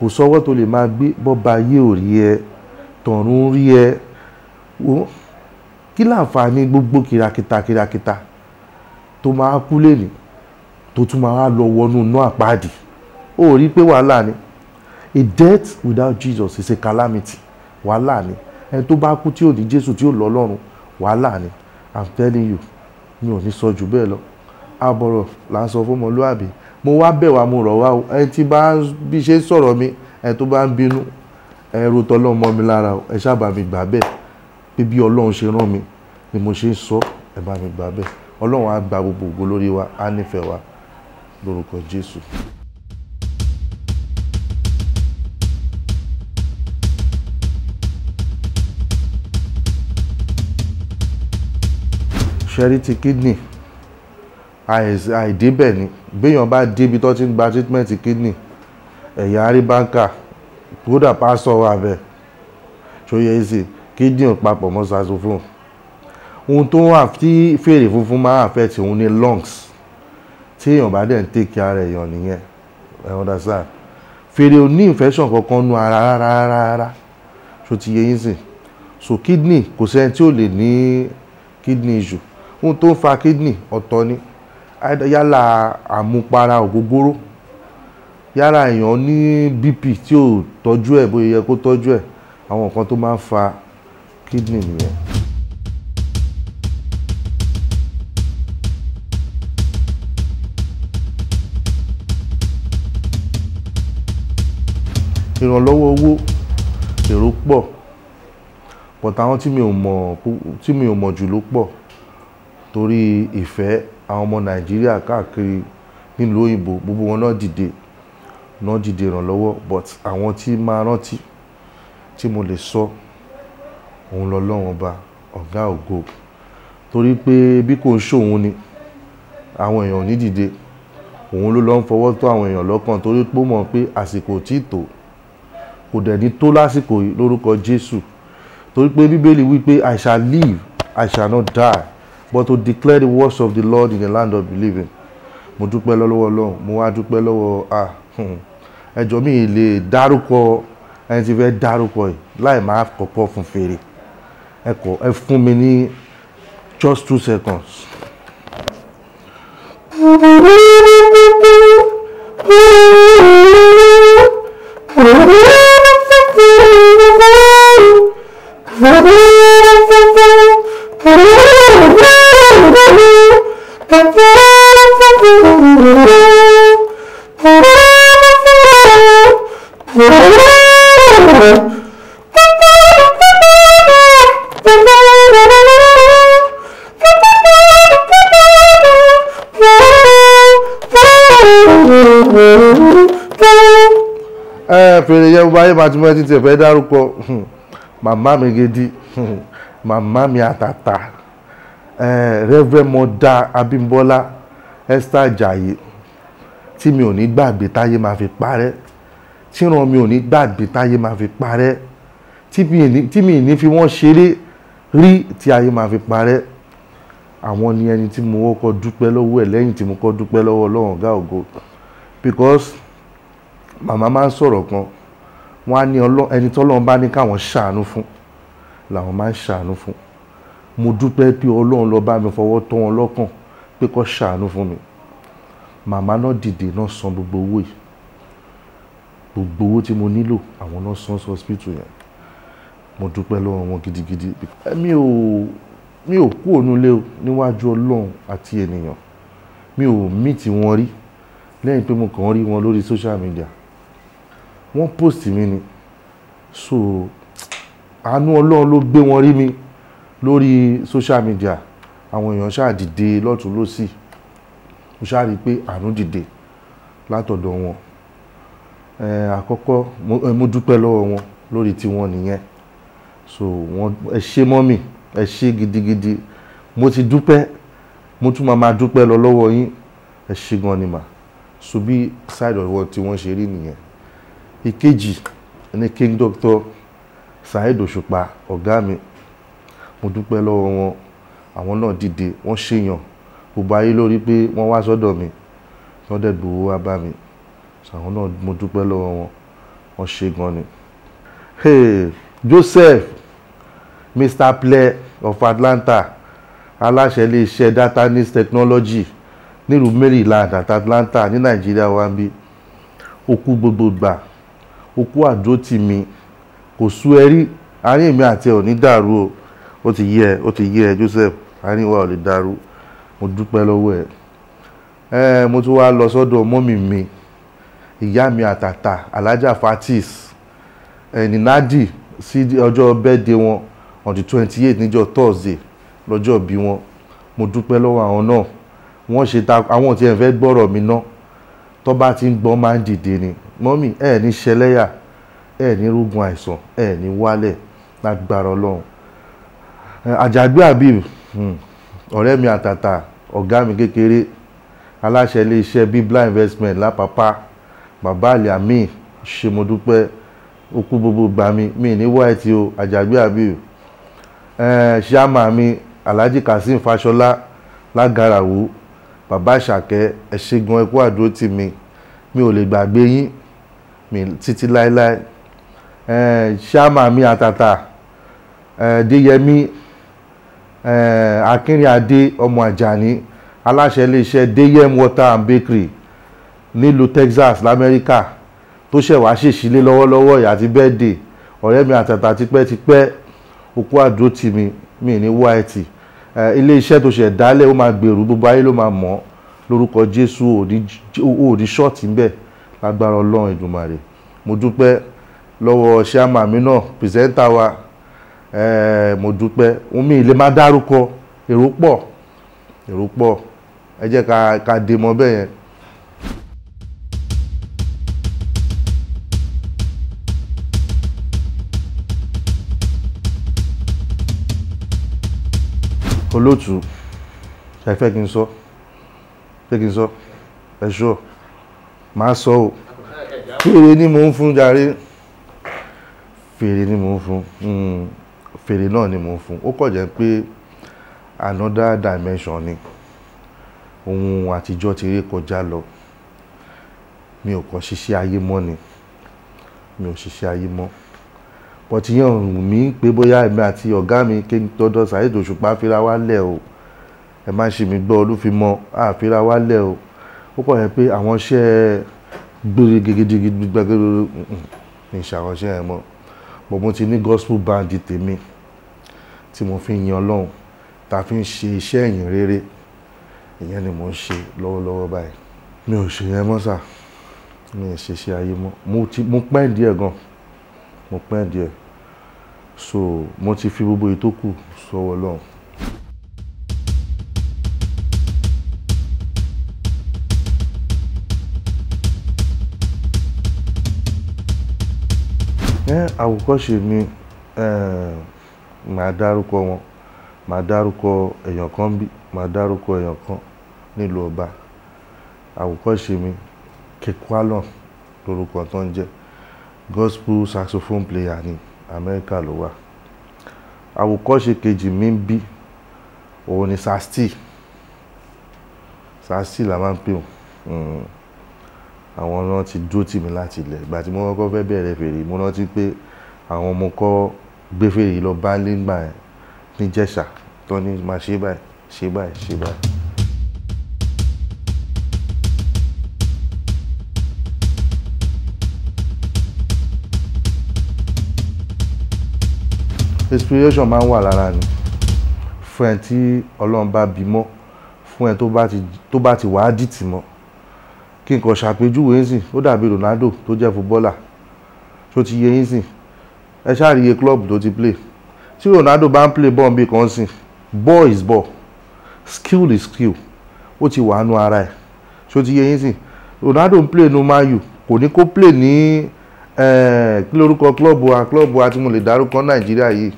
kò sọ́wọ́ tó lè máa gbé bọ́ba ayé ò rí ẹ tọ̀run rí ẹ wò ó kí láǹfààní gbogbo kìràkìtà kìràkìtà tó máa kú lẹ́nu tó tún máa lọ wọnú inú àpáàdì ó rí pé wàhálà ni a death without Jesus is a calamity wàhálà ni ẹni tó bá kú tí ò ní Jésù tí ò lọ Ọlọ́run wàhálà ni i'm telling you mi ò ní sọ jù bẹ́ẹ̀ lọ àbọ̀rọ̀ là ń sọ fọmọlúàbí mo wá bẹ̀ wá mo rọ̀ wá o ẹni tí bá bí ṣe sọ̀rọ̀ mi ẹni tó bá ń bínú ẹrù tọ́lọ́ mọ́ mi lára o ẹ ṣáàbà mi gbà bẹ́ẹ̀ pé bí Ọlọ́run ṣe rán mi ni mo ṣe ń sọ ẹ bá mi gbà bẹ́ẹ̀ Ọlọ́run á gba gbogbo ògo wa á nífẹ̀ẹ́ wa lórúkọ Jésù. ṣẹ́rí ti kidney àìdébẹ̀ ni béèyàn bá débi tó ti ń gba treatment kidney ẹ̀yà àríbáńkà kódà pásọ̀ wà bẹ́ẹ̀ ṣòye èsì kidney ò papọ̀ mọ́ saxophone ohun tó wà tí fèrè funfun máa affect òun ni lungs tí èèyàn bá dẹ̀ ń take care èèyàn nìyẹn ẹ understand fèrè ò ní infection kankan nu ara rárá rárá rárá ti yẹ yín sìn so kidney kò sẹ́ni tí ò lè ní kidney issue ohun tó ń fa kidney ọ̀tọ̀ ni yálà àmupara ògógóró yálà èèyàn ní bp tí ò tọ́jú ẹ̀ bóyá yẹ kó tọ́jú ẹ̀ àwọn nǹkan tó máa ń fa kidney nìyẹn. ìrànlọ́wọ́ owó èrò pọ̀ pọ̀tà àwọn tí mi ò mọ̀ jù ló pọ̀ torí ìfẹ́ àwọn ọmọ nàìjíríà káàkiri nílùú òyìnbó gbogbo wọn náà dìde náà dìde ìrànlọ́wọ́ but àwọn tí máa rántí tí mo lè sọ òun lọ́lọ́run ọba ọ̀gá ògo torí pé bí kò ń ṣòun ni àwọn èèyàn ò ní dìde òun ló lọ́ ń fọwọ́ tó àwọn èèyàn lọ́kàn torí pé ó mọ̀ pé àsìkò tí tó kò dẹ̀ ní tó lásìkò yìí lórúkọ jésù torí pé bíbélì wípé i shall live i shall not die but to declare the words of the Lord in the land of believing mo dúpẹ́ lọ́wọ́ Ọlọ́run mo wá dúpẹ́ lọ́wọ́ ah ẹjọ́ mi lè dárúkọ ẹni tí fẹ́ dárúkọ yìí láì máa kọ́kọ́ fún fèrè ẹ kọ ẹ fún mi ní just two seconds. mm fèrè yẹn bá yẹ máa ti mọ ẹtí tiẹ̀ fẹ́ dárúkọ hmm, màmá mi gidi hmm, màmá mi àtàtà Reverend Mother Abímbọ́lá Esther Ajayi tí mi ò ní gbàgbé táyé máa fi parẹ́ tí ràn mi ò ní gbàgbé táyé máa fi parẹ́ tí mi ì ní fi wọ́n ṣeré rí tí ayé máa fi parẹ́ àwọn ni ẹni tí mo kọ́kọ́ dúpẹ́ lọ́wọ́ ẹ̀ lẹ́yìn tí mo kọ́ dúpẹ́ lọ́wọ́ Ọlọ́run ọ̀gá ògo because màmá máa ń sọ̀rọ̀ kan wọ́n á ní ẹni tọ́lọ́run bá ní káwọn ṣàánú fún làwọn máa ń ṣàánú fún mo dúpẹ́ pé ọlọ́run lọ bá mi fọwọ́ tọ́ wọn lọ́kàn pé kó ṣàánú fún mi màmá náà dìde náà san gbogbo owó yìí gbogbo owó tí mo nílò àwọn náà san sí hospital yẹn mo dúpẹ́ lọ́wọ́ wọn gidigidi mi ò mi ò kú ònúlé o níwájú ọlọ́run àti ènìyàn mi ò mí tí wọ́n rí lẹ́yìn pé mo kàn rí wọn lórí social media wọ́n post mi ni so àánú ọlọ́run ló gbé wọn rí mi lórí social media àwọn èèyàn ṣáà dìde lọ́tún lọ́sì mo ṣáà rí i pé àánú dìde látọ̀dọ̀ wọn àkọ́kọ́ mo dúpẹ́ lọ́wọ́ wọn lórí tiwọn nìyẹn so wọn ẹ ṣé mọ́mì ẹ ṣé gidigidi mo ti dúpẹ́ mo tún máa máa dúpẹ́ lọ lọ́wọ́ yín ẹ ṣé gan ni mà so bí side of wọn tí wọ́n ṣe rí nìyẹn ìkejì ni King doctor Saheed Òṣùpá ọ̀gá mi mo dúpẹ́ lọ́wọ́ wọn àwọn náà dìde wọ́n ṣèyàn gbogbo ayé lórí pé wọ́n wá sọ́dọ̀ mi wọ́n dẹ̀ gbowó wá bá mi àwọn náà mo dúpẹ́ lọ́wọ́ wọn wọ́n ṣe gan ni. Joseph Mr. Player of Atlanta aláṣẹ iléeṣẹ́ Datanis Technology nílùú Maryland àti Atlanta ní Nàìjíríà wa ń bí ó gbogbo gbà o kú àdó tì mí kò sú ẹ rí àárín èmi àti ẹ ò ní dàrú o ó ti yé ẹ ó ti yé ẹ Joseph àárín wa ò lè dàrú mo dúpẹ́ lọ́wọ́ ẹ ẹ mo tún wá lọ sọ́dọ̀ mọ́mì mi ìyá mi àtàtà alájà Fatis ẹni nadi sí ọjọ́ bẹ́ẹ̀dẹ̀ wọn on the twenty eight níjọ́ Thursday lọ́jọ́ bí wọn mo dúpẹ́ lọ́wọ́ àwọn náà wọ́n ṣe ta àwọn tí fẹ́ gbọ́rọ̀ mi náà tó bá ti ń gbọ́n máa ń dìde ni mọ́mì ẹ̀ ní ṣẹlẹ́yà ẹ̀ ní rúgun àìsàn ẹ̀ ní wálẹ̀ lágbára ọlọ́run àjàgbé Habib hmm, ọ̀rẹ́ mi àtàtà ọ̀gá mi kékeré aláṣẹ iléeṣẹ́ bíblà investment lápapá bàbá àlìámì ṣe mo dúpẹ́ okú gbogbo gbà mí mi ní wáìtì o àjàgbé Habib ṣíàmà mi alhaji kazeem fashola lágàràwò bàbá ìṣàkẹ́ ẹ ṣé gan ẹ kú àdúró tì mí mi ò lè gbàgbé yín mi títí láéláé ṣáàmà mi àtàtà déyẹmí akínrìnàdé ọmọ àjàní aláṣẹ iléeṣẹ́ dayem water and bakery nílùú Texas lamẹ́ríkà tó ṣẹ̀wá ṣèṣílé lọ́wọ́lọ́wọ́ yìí àti bẹ́ẹ̀dẹ̀ ọ̀rẹ́ mi àtàtà tipẹ́tipẹ́ okú àdúró tì mí mi ní wá ẹtì ilé iṣẹ́ tó ṣe dálẹ̀ ó máa gbèrú gbogbo ayé ló máa mọ̀ lórúkọ Jésù òòdì ṣọ́ọ̀tì ń bẹ̀ lágbára Ọlọ́run Èdùmàrè mo dúpẹ́ lọ́wọ́ mi náà pìrìsẹ́ńtà wa mo dúpẹ́ omi ìlé má dárúkọ èrò pọ̀ èrò pọ̀ ẹ jẹ́ ká dé olóòtú ṣe fẹ́ kí n sọ fẹ́ kí n sọ ẹ ṣọ́ máa sọ o fèrè ni mò ń fún jàre fèrè ni mò ń fún hmm. fèrè náà ni mò ń fún ó kọ̀ jẹ́ pé another dimension ni ohun àtijọ́ ti ré kọjá lọ mi ò kàn ṣiṣẹ́ ayé mọ́ ni mi ò ṣiṣẹ́ ayé mọ́ pọ̀tí yẹn ò mí pé bóyá èmi àti ọ̀gá mi kí n tọ́dọ̀ Saheed Òṣùpá fira wá lẹ̀ o ẹ má ṣe mí gbọ́ Olúfimọ àfira wá lẹ̀ o ó pọ̀ yẹn pé àwọn iṣẹ́ gbére gidigidi gbàgbére ní ìṣàkọsẹ́ yẹn mọ́ bọ̀ mo ti ní gospel band tèmi tí mo fi yin Ọlọ́run tá a fi ń ṣe iṣẹ́ ìyìn rere ìyẹn ni mo ń ṣe lọ́wọ́lọ́wọ́ báyìí mi ò ṣe yẹn mọ́ sáà mi ò ṣe ṣe ayé mọ́ mo pẹ́ díẹ̀ gan mo pẹ́ díẹ̀ so mo ti fi gbogbo ètò kù sọ́wọ́ Ọlọ́run. ní àwòkọ́ṣe mi màá dárúkọ wọn màá dárúkọ èèyàn kan bí màá dárúkọ èèyàn kan nílùú ọba àwòkọ́ṣe mi Kekualon lórúkọ tó ń jẹ́ gospel saxophone player ni. Amẹ́ríkà ló wà àwòkọ́ṣe kejì mi ń bí òun ni sasti sasti la máa ń pè wọn hmm. àwọn náà ti dúró tì mí láti ilẹ̀ ìgbà tí mo kọ́kọ́ fẹ́ bẹ̀rẹ̀ fèrè mo rántí pé àwọn ọmọ kọ́ gbé fèrè lọ bá lé ńgbà níjẹ̀ṣà tó ní máa ṣe báyìí ṣe báyìí ṣe báyìí. inspiration máa ń wà lára ni fún ẹ tí ọlọ́run bá bímọ fún ẹ tó bá ti wàá dìtì mọ́ kí nǹkan ṣàpèjúwe ń sìn ó dàbí Ronaldo tó jẹ́ fúbọ́là tó ti yẹ yín sìn ẹ ṣáà rí iye club tó ti play tí Ronaldo bá ń play bọ́ọ̀n bí kan sìn ball is ball skill is skill ó ti wà nú ara ẹ̀ tó ti yẹ yín sìn Ronaldo ń play nu Man U kò ní kó play ní kí lorúkọ klọ́ọ̀bù wa klọ́ọ̀bù wa tí mo lè dárúkọ nàìjíríà yìí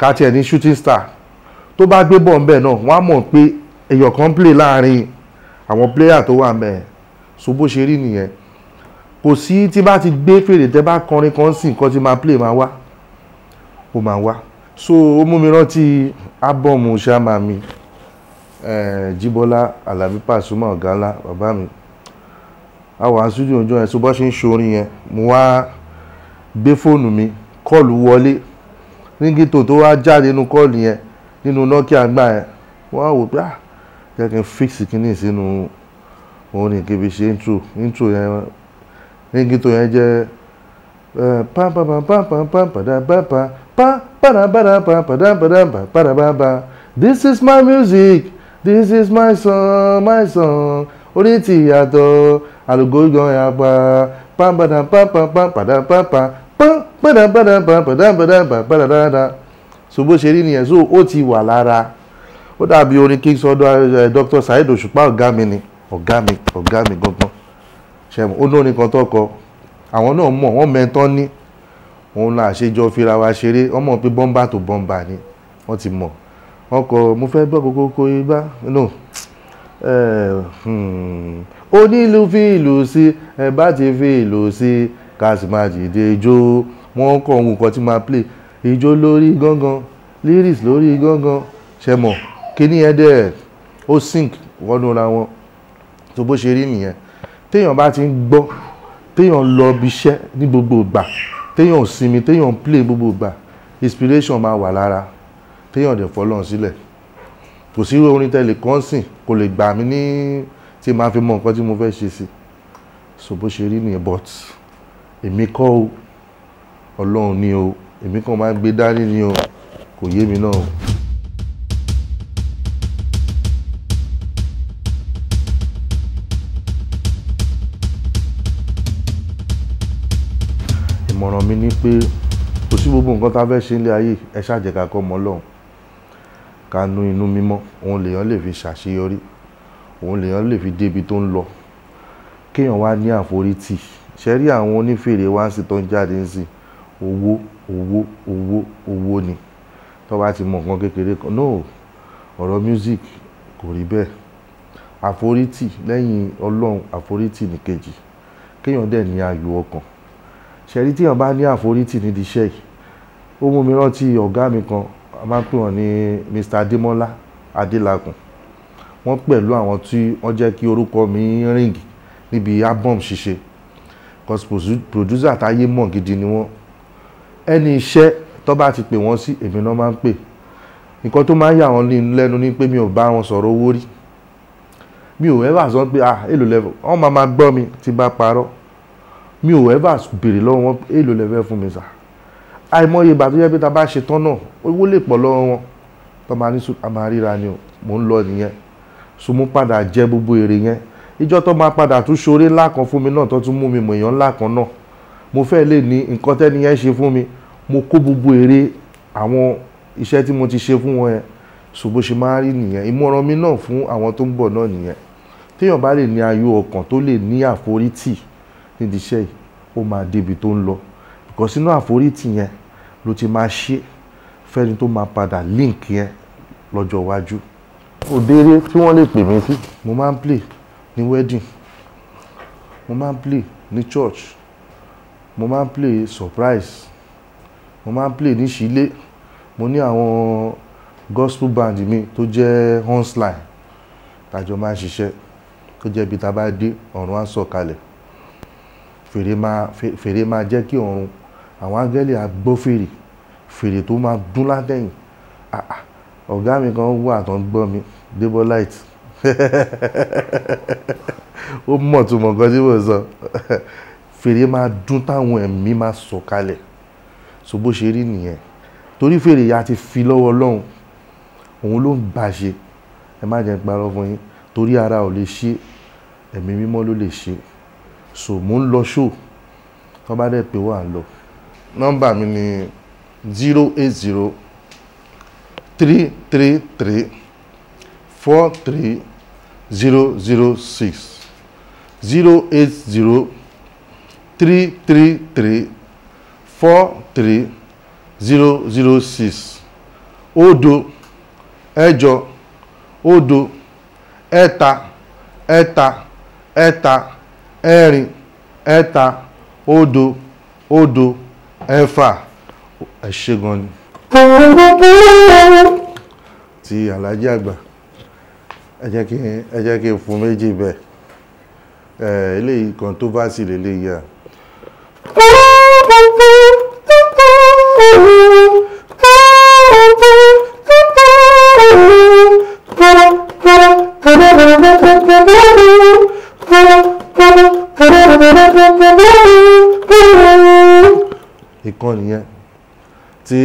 kàtí ẹ̀ ní shooting star tó bá gbé bọ̀ ńbẹ̀ náà wọ́n á mọ̀ pé èèyàn kan play láàrin àwọn player tó wà mẹ́ẹ̀ so bó ṣe rí nìyẹn kò sí tí bá ti gbé fèrè tẹ́ bá kọrin kan sí nǹkan tí máa play máa wá ó máa wá so ó mú mi rántí ábọ̀mù ṣáàmà mi Jíbọ́lá Alábí Pàṣúmà ọ̀gá ńlá bàbá mi a wà ní studio ọjọ́ yẹn so bó ṣe ń ṣorin yẹn mo wá gbé fóònù mi kọ́ọ̀lù wọlé ríngìtò tó wá jáde nínú kọ́ọ̀lù yẹn nínú Nokia gbà yẹn wọ́n á wò pé ah jẹ́ kí n fix kínní sínú òun ní kí n fi ṣe intro intro yẹn ríngìtò yẹn jẹ́ pam this is my music this is my song my song orí ti yàtọ̀ àlùkò gan pa pàmpàdà pàmpàpà pàdà pàmpà pàmpàdà pàdà pàmpàdà pàdà pàdà dáadáa so bó ṣe rí nìyẹn so ó ti wà lára ó dàbí orin king sọdọ Dr. Saheed Òṣùpá ọ̀gá mi ni ọ̀gá mi ọ̀gá mi gangan ṣẹ̀mú ó lórin kan tọkọ àwọn náà mọ̀ wọ́n mẹ́tọ́ ní òun náà àṣejọ fira wa ṣeré ọmọ pé bọ́mbà tó bọ́mbà ni wọ́n ti mọ̀ ọkọ̀ mo fẹ́ gbọ́ kókó kó ibà no Eh, hmm, onílù fi ìlù sí ẹ bá ti fi ìlù sí ká sì wọn kọ ohun kan tí máa play ìjó lórí gángan lyrics lórí gángan ṣe mọ̀ kíní ẹ dẹ̀ ó sink wọnú ra wọn tó bó ṣe rí nìyẹn téèyàn bá ti ń gbọ́ téèyàn lọ bí iṣẹ́ ní gbogbo ìgbà téèyàn sinmi téèyàn play gbogbo ìgbà inspiration máa wà lára téèyàn dẹ̀ fọlọ́run sílẹ̀ kò sí orin tẹ́lẹ̀ kan sìn kò lè gbà mí ní tí màá fi mọ nǹkan tí mo fẹ́ ṣe sí so bó ṣe rí nìyẹn but èmi kọ́ o ọlọ́run ni o èmi kàn máa ń gbé dání ni o kò yé mi náà o. ìmọ̀ràn mi ni pé kò sí gbogbo nǹkan tá a fẹ́ ṣe nílé ayé ẹ ṣáà jẹ́ kọ́ ọmọ ọlọ́run ká nú inú mímọ́ òun lèèyàn lè fi ṣàṣeyọrí òun lèèyàn lè fi débi tó ń lọ kéèyàn wá ní àforítì ṣẹ́rí àwọn onífèrè wá sí tó ń jáde ń sìn owó owó owó owó ni tó bá ti mọ nǹkan kékeré kan no ọ̀rọ̀ music kò rí bẹ́ẹ̀ àforítì lẹ́yìn ọlọ́run àforítì ní kejì kéèyàn dẹ̀ ní ayọ̀ ọkàn ṣẹ́rí téèyàn bá ní àforítì nídìí iṣẹ́ yìí ó mú mi rántí ọ̀gá mi kan a máa ń pè wọ́n ní Mr Adémọ́lá Adélakùn wọ́n pẹ̀lú àwọn tí wọ́n jẹ́ kí orúkọ mi ring níbi album ṣíṣe cause producer táyé mọ̀ gidi ni wọ́n ẹni iṣẹ́ tó bá ti pè wọ́n sí èmi náà máa ń pè nǹkan tó máa ń yà wọ́n lẹ́nu ni pé mi ò bá wọn sọ̀rọ̀ owó rí mi ò ever sọ pé ah èlò lẹ́fọ̀ wọ́n máa máa gbọ́ mi tí bá parọ́ mi ò ever béèrè lọ́wọ́ wọn èlò lẹ́fẹ̀ fún mi sà àìmọye ìgbà tó yẹ pé ta bá ṣe tán náà owó lè pọ̀ lọ́wọ́ wọn tó máa ní sùn a máa ríra ni o mò ń lọ nìyẹn so mo padà jẹ gbogbo èrè yẹn ìjọ tó máa padà tún ṣoore ńlá kan fún mi náà tó tún mú mi mọ̀ èèyàn ńlá kan náà mo fẹ́ lè ní nǹkan tẹ́ni yẹn ṣe fún mi mo kó gbogbo èrè àwọn iṣẹ́ tí mo ti ṣe fún wọn yẹn so bó ṣe máa rí nìyẹn ìmọ̀ràn mi náà fún àwọn tó ń bọ̀ náà nìyẹn téèyàn bá lè ní ayọ̀ ọkàn tó lè ní àforítì nídìí iṣẹ́ yìí ó máa débi tó ń lọ because inú àforítì yẹn ló ti máa ṣe fẹ́ni tó máa padà link yẹn lọ́jọ́ iwájú. òdeere tí wọ́n lè pè mí sí. mo máa ń play ní wedding mo máa ń play ní church mo máa ń play surprise mo máa ń play ní ṣílé mo ní àwọn gospel band mi tó jẹ́ hornsline tàjọ máa ń ṣiṣẹ́ tó jẹ́ ibi tá a bá dé ọ̀run á sọ̀kalẹ̀ fèrè fèrè máa jẹ́ kí ọ̀run àwọn áńgẹ́lì á gbọ́ fèrè fèrè tó máa dún látẹ̀yìn ah, ah, ọ̀gá mi kan wà tó ń gbọ́ mi Debolite ó mọ̀ tó mọ̀ nǹkan tí mo sọ fèrè máa dún táwọn ẹ̀mí máa sọ̀kalẹ̀ so bó ṣe rí nìyẹn torí fèrè ya ti fi lọ́wọ́ Ọlọ́run òun ló ń bá ṣe ẹ má jẹ́ ń parọ́ fún yín torí ara ò lè ṣe ẹ̀mí mímọ́ ló lè ṣe so mò ń lọ ṣó tó bá dẹ̀ pé wà á lọ nọ́mbà mi ni zero eight zero three three three four three zero zero six zero eight zero three three three four three zero zero six òdo ẹ̀jọ òdo ẹ̀ta ẹ̀ta ẹ̀ta ẹ̀rin ẹ̀ta òdo òdo ẹ̀fà ẹ̀ṣẹ́gun ni ti alájí àgbà ẹ jẹ́ kí n fún méjì bẹ́ẹ̀ ẹ̀ eléyìí kan tó bá sì lélẹ́ yà. Thank you. kan nìyẹn ti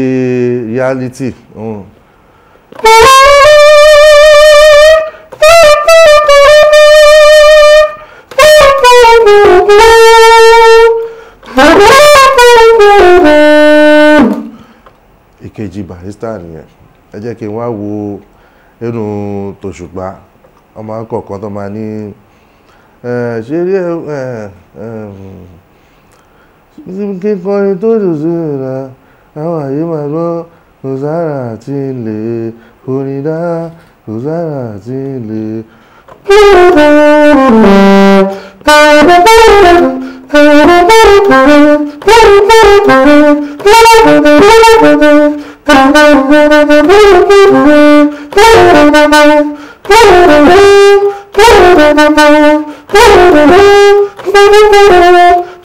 reality. Mm. ìkejì barista nìyẹn ẹ jẹ́ kí n wá wo inú tòṣùpá ọmọ akọ̀ọ̀kan tó máa ní ṣeré ẹ ẹ. níbi kọrin tó dùsù lá, àwọn àyè máa gbọ́ kò sára àti ilé